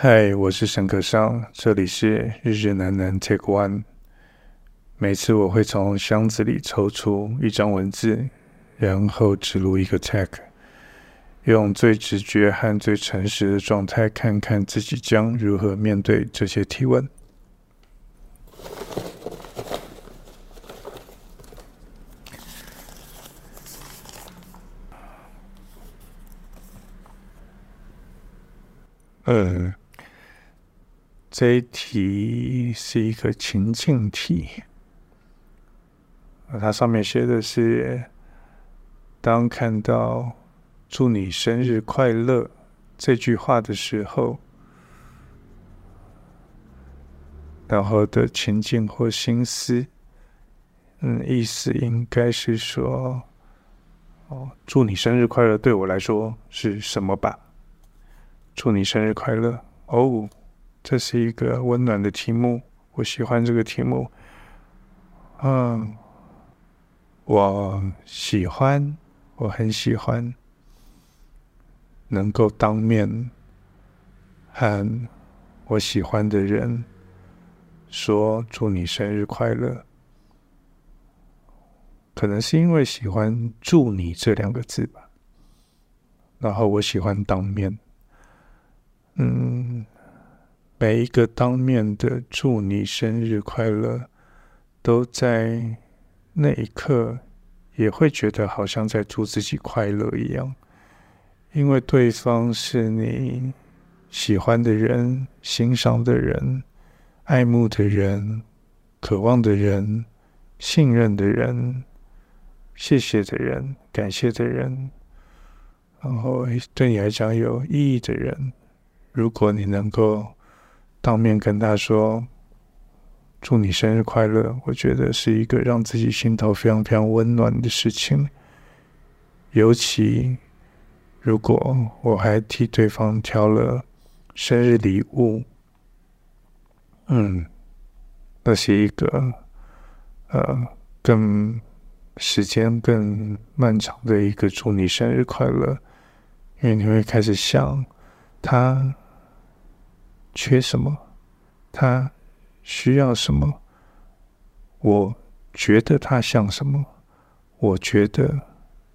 嗨，Hi, 我是沈可尚，這裡是日日難難 Take One。每次我會從箱子裡抽出一張文字，然後植入一個 tag，用最直覺和最誠實的狀態，看看自己將如何面對這些提問。嗯。這一題是一個情境題，它上面寫的是，當看到“祝你生日快樂”這句話的時候，然後的情境或心思，嗯，意思應該是說，哦，“祝你生日快樂”對我來說是什麼吧？“祝你生日快樂”，哦。這是一個溫暖的題目，我喜歡這個題目。嗯，我喜歡，我很喜歡，能夠當面和我喜歡的人說“祝你生日快樂”。可能是因為喜歡“祝你”這兩個字吧，然後我喜歡當面，嗯。每一個當面的祝你生日快樂，都在那一刻也會覺得好像在祝自己快樂一樣，因為對方是你喜歡的人、欣賞的人、愛慕的人、渴望的人、信任的人、謝謝的人、感謝的人，然後對你來講有意義的人，如果你能夠。當面跟他說“祝你生日快樂”，我覺得是一個讓自己心頭非常非常溫暖的事情。尤其如果我還替對方挑了生日禮物，嗯，那是一個呃更時間更漫長的一個“祝你生日快樂”，因為你會開始想他。缺什麼？他需要什麼？我覺得他像什麼？我覺得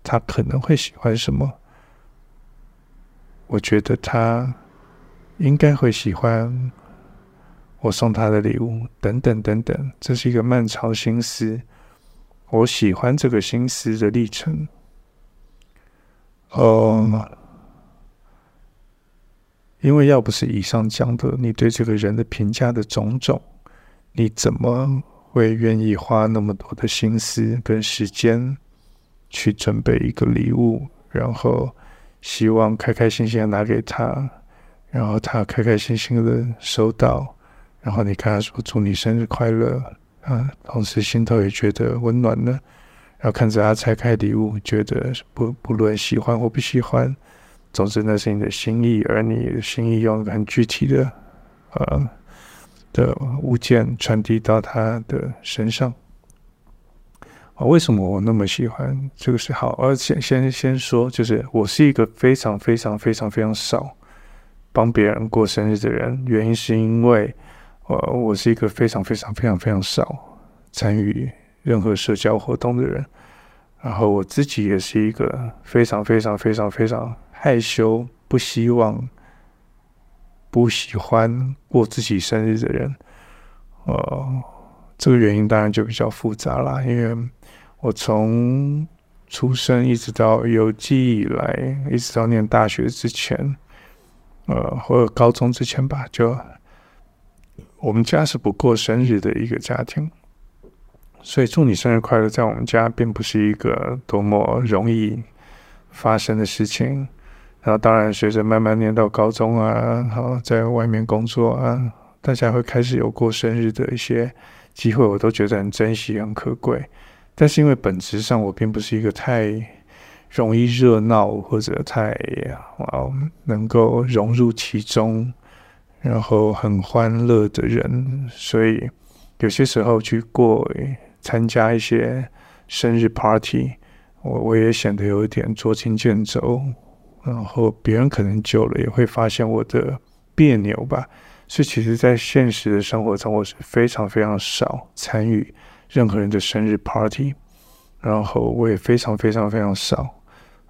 他可能會喜歡什麼？我覺得他應該會喜歡我送他的禮物。等等等等，這是一個漫長心思。我喜歡這個心思的歷程。哦、um。因為要不是以上講的，你對這個人的評價的種種，你怎麼會願意花那麼多的心思跟時間去準備一個禮物，然後希望開開心心的拿給他，然後他開開心心的收到，然後你跟他說祝你生日快樂啊，同時心頭也覺得溫暖呢。然後看着他拆開禮物，覺得不不論喜歡或不喜歡。總之，那是你的心意，而你的心意用很具體的，呃的物件傳遞到他的身上。啊，為什麼我那麼喜歡這個？就是好，而且先先說，就是我是一個非常非常非常非常少幫別人過生日的人，原因是因為，呃，我是一個非常非常非常非常少參與任何社交活動的人，然後我自己也是一個非常非常非常非常。害羞、不希望、不喜歡過自己生日的人，呃，這個原因當然就比較複雜了。因為我從出生一直到有記憶以來，一直到念大學之前，呃，或者高中之前吧，就我們家是不過生日的一個家庭，所以祝你生日快樂，在我們家並不是一個多麼容易發生的事情。然後，當然，隨着慢慢念到高中啊，然後，在外面工作啊，大家會開始有過生日的一些機會，我都覺得很珍惜、很可貴。但是，因為本質上我並不是一個太容易熱鬧或者太哇能夠融入其中，然後很歡樂的人，所以有些時候去過參加一些生日 party，我我也顯得有一點捉襟見肘。然後別人可能久了也會發現我的彆扭吧，所以其實，在現實的生活中，我是非常非常少參與任何人的生日 party，然後我也非常非常非常少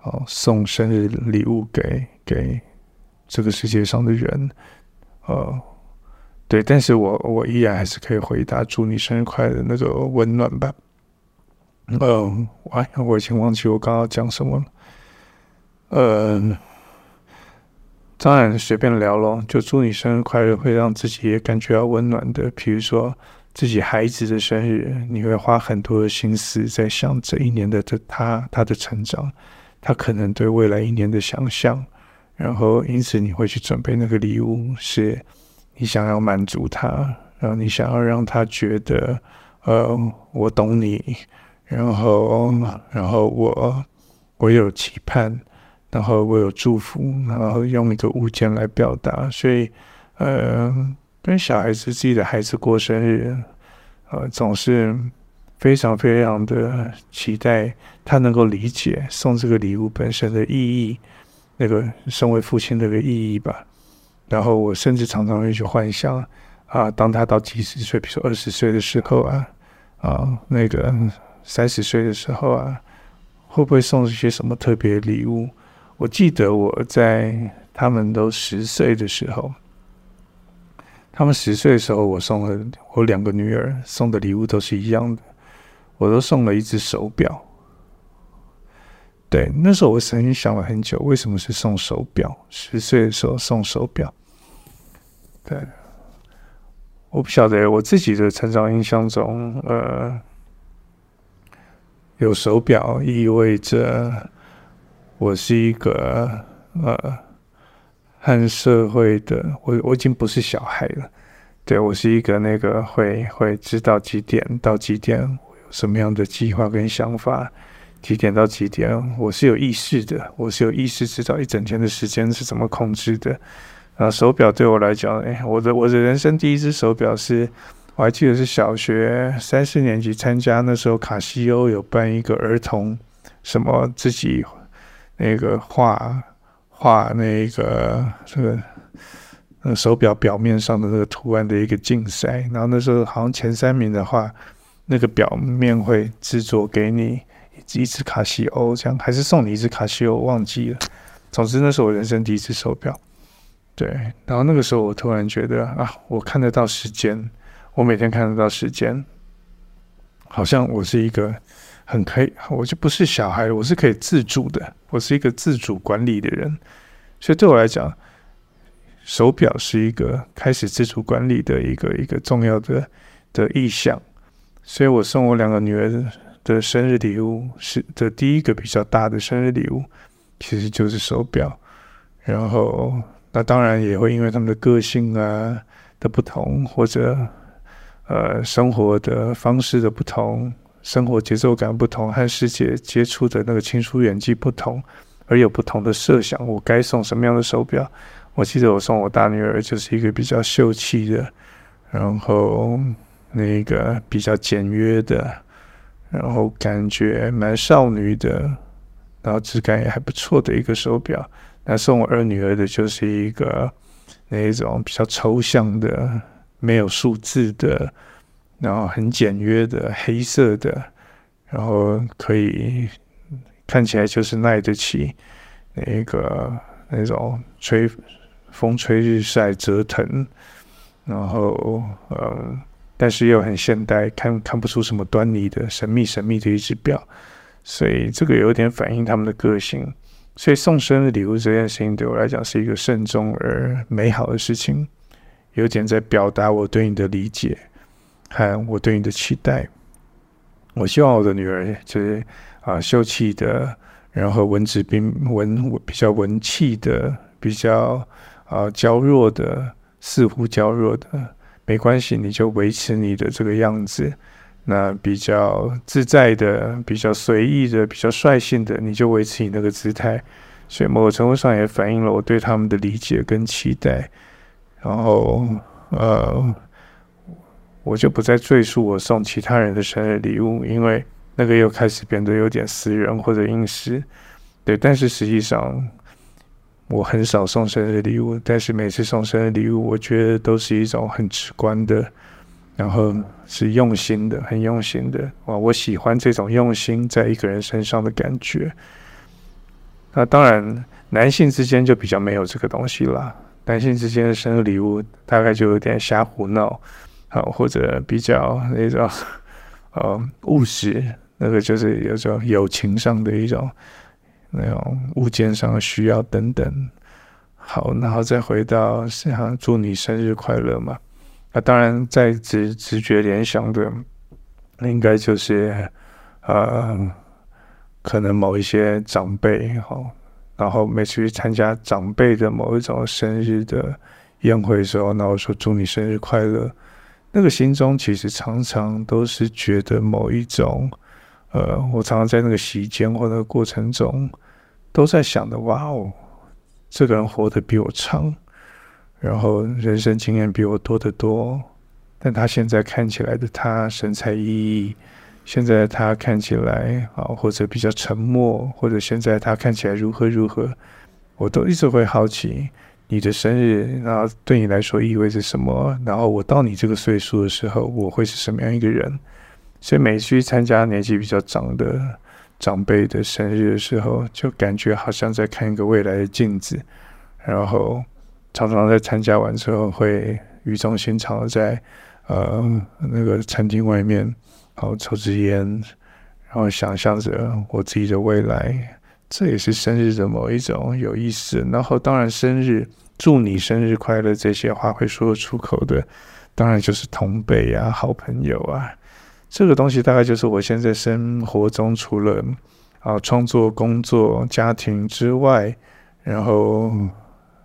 哦送生日禮物給給這個世界上的人，呃，對，但是我我依然還是可以回答“祝你生日快樂”的那個溫暖吧。嗯、呃，喂，我已經忘記我剛剛講什麼了。呃、嗯，當然隨便聊咯，就祝你生日快樂，會讓自己也感覺到溫暖的。比如說，自己孩子的生日，你會花很多的心思在想這一年的這他，他的成長，他可能對未來一年的想象，然後因此你會去準備那個禮物，是你想要滿足他，然後你想要讓他覺得，呃、嗯，我懂你，然後，然後我我有期盼。然後我有祝福，然後用一個物件來表達，所以，呃，跟小孩子自己的孩子過生日，呃，總是非常非常的期待他能夠理解送這個禮物本身的意義，那個身為父親的那個意義吧。然後我甚至常常會去幻想啊，當他到幾十歲，比如說二十歲的時候啊，啊，那個三十歲的時候啊，會不會送一些什麼特別的禮物？我記得我在他們都十歲的時候，他們十歲的時候，我送了我兩個女兒送的禮物都是一樣的，我都送了一隻手錶。對，那時候我曾經想了很久，為什麼是送手錶？十歲的時候送手錶，對，我不曉得我自己的成長印象中，呃，有手錶意味着。我是一個呃，很社會的，我我已經不是小孩了。對，我是一個那個會會知道幾點到幾點，我有什麼樣的計劃跟想法，幾點到幾點，我是有意識的，我是有意識知道一整天的時間是怎麼控制的。啊，手錶對我來講，哎，我的我的人生第一隻手錶是，我還記得是小學三四年級參加那時候卡西歐有辦一個兒童什麼自己。那個畫畫那個這個、那個、手錶表面上的那個圖案的一個競賽，然後那時候好像前三名的話，那個表面會制作給你一隻卡西歐，這樣還是送你一隻卡西歐，忘記了。總之，那是我人生第一隻手錶。對，然後那個時候我突然覺得啊，我看得到時間，我每天看得到時間，好像我是一個。很可以，我就不是小孩，我是可以自主的，我是一個自主管理的人，所以對我來講，手錶是一個開始自主管理的一個一個重要的的意向，所以我送我兩個女兒的生日禮物是的第一個比較大的生日禮物，其實就是手錶，然後那當然也會因為他們的個性啊的不同，或者呃生活的方式的不同。生活節奏感不同，和世界接觸的那個親疏遠近不同，而有不同的設想。我該送什麼樣的手錶？我記得我送我大女兒就是一個比較秀氣的，然後那個比較簡約的，然後感覺蠻少女的，然後質感也還不錯的一個手錶。那送我二女兒的就是一個那一種比較抽象的，沒有數字的。然後很簡約的黑色的，然後可以看起來就是耐得起那個那種吹風吹日曬折騰，然後呃，但是又很現代，看看不出什麼端倪的神秘神秘的一支錶，所以這個有點反映他們的個性。所以送生日禮物這件事情對我來講是一個慎重而美好的事情，有點在表達我對你的理解。看我對你的期待，我希望我的女兒就是啊秀氣的，然後文質彬彬，文比較文氣的，比較啊嬌弱的，似乎嬌弱的沒關係，你就維持你的這個樣子。那比較自在的，比較隨意的，比較率性的，你就維持你的那個姿態。所以某個程度上也反映了我對他們的理解跟期待。然後呃。我就不再贅述我送其他人的生日禮物，因為那個又開始變得有點私人或者隱私，對。但是實際上，我很少送生日禮物，但是每次送生日禮物，我覺得都是一種很直觀的，然後是用心的，很用心的。哇，我喜歡這種用心在一個人身上的感覺。那當然，男性之間就比較沒有這個東西啦，男性之間的生日禮物大概就有點瞎胡鬧。好，或者比較那種，呃、嗯，務實，那個就是有種友情上的一種那種物件上的需要等等。好，然後再回到像祝你生日快樂嘛？那、啊、當然，在直直覺聯想的，應該就是呃，可能某一些長輩好，然後每次去參加長輩的某一種生日的宴會的時候，那我說祝你生日快樂。那個心中其實常常都是覺得某一種，呃，我常常在那個席間或那個過程中都在想的，哇哦，這個人活得比我長，然後人生經驗比我多得多，但他現在看起來的他神采奕奕，現在他看起來啊或者比較沉默，或者現在他看起來如何如何，我都一直會好奇。你的生日，那對你來說意味着什麼？然後我到你這個歲數的時候，我會是什麼樣一個人？所以每次去參加年紀比較長的長輩的生日的時候，就感覺好像在看一個未來的鏡子。然後常常在參加完之後會，會語重心長的在呃那個餐廳外面，然後抽支煙，然後想象着我自己的未來。這也是生日的某一種有意思。然後當然生日。祝你生日快樂！這些話會說出口的，當然就是同輩啊、好朋友啊。這個東西大概就是我現在生活中除了啊創作、工作、家庭之外，然後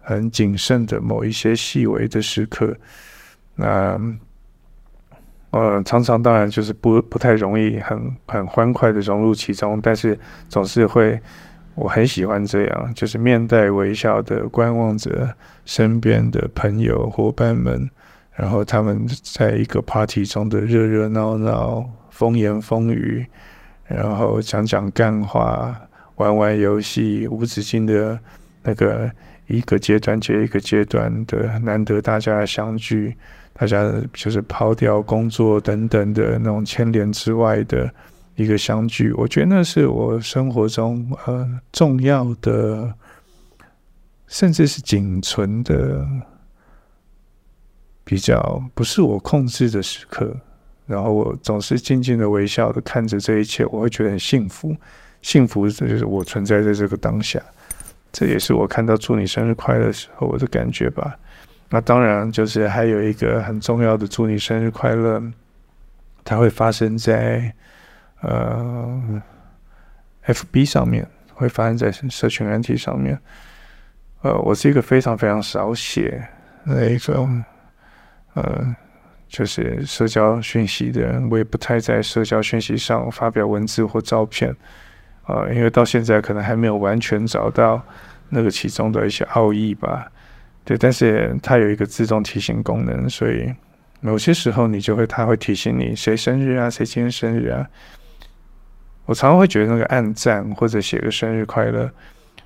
很謹慎的某一些細微的時刻，那呃，呃，常常當然就是不不太容易，很很歡快的融入其中，但是總是會。我很喜歡這樣，就是面帶微笑的觀望着身邊的朋友夥伴們，然後他們在一個 party 中的熱熱鬧鬧、瘋言瘋語，然後講講幹話、玩玩遊戲，無止境的那個一個階段接一個階段的難得大家相聚，大家就是拋掉工作等等的那種牽連之外的。一個相聚，我覺得那是我生活中呃重要的，甚至是僅存的比較不是我控制的時刻。然後我總是靜靜的微笑的看着這一切，我會覺得很幸福。幸福就是我存在在這個當下，這也是我看到“祝你生日快樂”的時候我的感覺吧。那當然就是還有一個很重要的“祝你生日快樂”，它會發生在。呃，FB 上面會發生在社群軟體上面。呃，我是一個非常非常少寫那一個呃，就是社交訊息的人，我也不太在社交訊息上發表文字或照片，呃，因為到現在可能還沒有完全找到那個其中的一些奧義吧。對，但是它有一個自動提醒功能，所以某些時候你就會它會提醒你誰生日啊，誰今天生日啊。我常常會覺得那個按讚或者寫個生日快樂，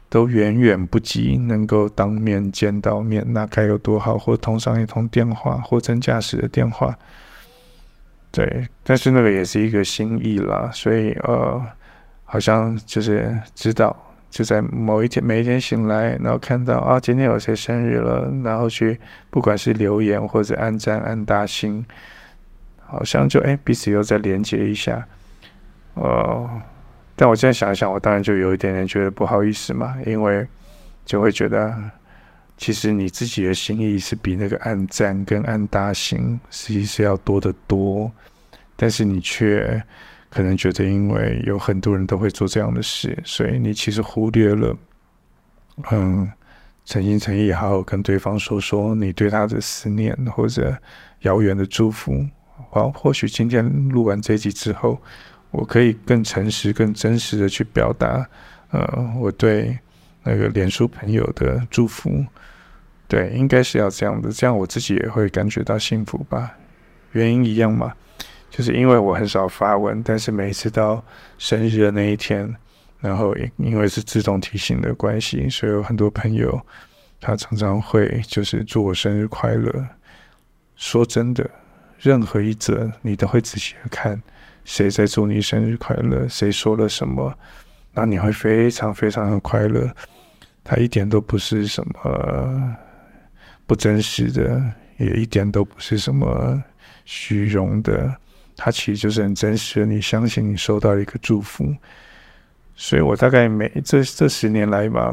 都遠遠不及能夠當面見到面那該有多好，或通上一通電話，貨真價實的電話。對，但是那個也是一個心意啦，所以呃，好像就是知道，就在某一天，每一天醒來，然後看到啊，今天有誰生日了，然後去不管是留言或者按贊按大心，好像就哎彼此又再連接一下。哦，但我現在想一想，我當然就有一點點覺得不好意思嘛，因為就會覺得，其實你自己的心意是比那個按讚跟按大心，其實是要多得多，但是你卻可能覺得，因為有很多人都會做這樣的事，所以你其實忽略了，嗯，誠心誠意好好跟對方說說你對他的思念或者遙遠的祝福。好，或許今天錄完這一集之後。我可以更誠實、更真實的去表達，呃，我對那個臉書朋友的祝福，對，應該是要這樣的。這樣我自己也會感覺到幸福吧？原因一樣嘛，就是因為我很少發文，但是每次到生日的那一天，然後因為是自動提醒的關係，所以有很多朋友他常常會就是祝我生日快樂。說真的，任何一則你都會仔細的看。誰在祝你生日快樂？誰說了什麼？那你會非常非常的快樂。它一點都不是什麼不真實的，也一點都不是什麼虛榮的。它其實就是很真實的。你相信你收到一個祝福，所以我大概每這這十年來吧，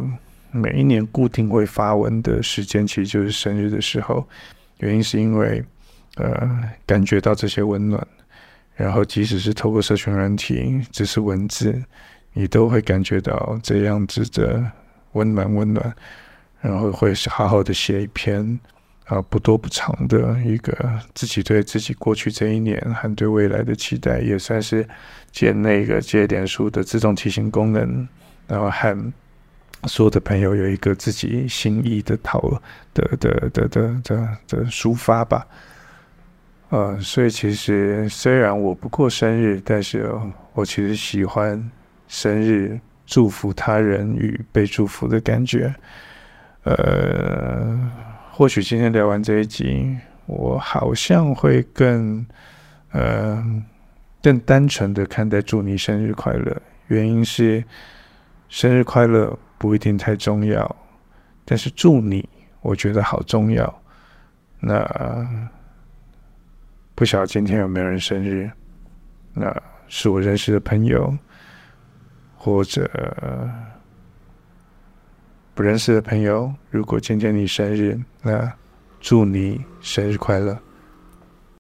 每一年固定會發文的時間，其實就是生日的時候。原因是因為呃，感覺到這些溫暖。然後，即使是透過社群軟體，只是文字，你都會感覺到這樣子的溫暖溫暖。然後會好好的寫一篇啊不多不長的一個自己對自己過去這一年和對未來的期待，也算是借那個借臉書的自動提醒功能，然後和所有的朋友有一個自己心意的討論的的的的的的抒發吧。呃、嗯，所以其實雖然我不過生日，但是我其實喜歡生日祝福他人與被祝福的感覺。呃，或許今天聊完這一集，我好像會更呃更單純的看待“祝你生日快樂”。原因是生日快樂不一定太重要，但是祝你我覺得好重要。那。不曉得今天有沒有人生日，那是我認識的朋友，或者不認識的朋友。如果今天你生日，那祝你生日快樂。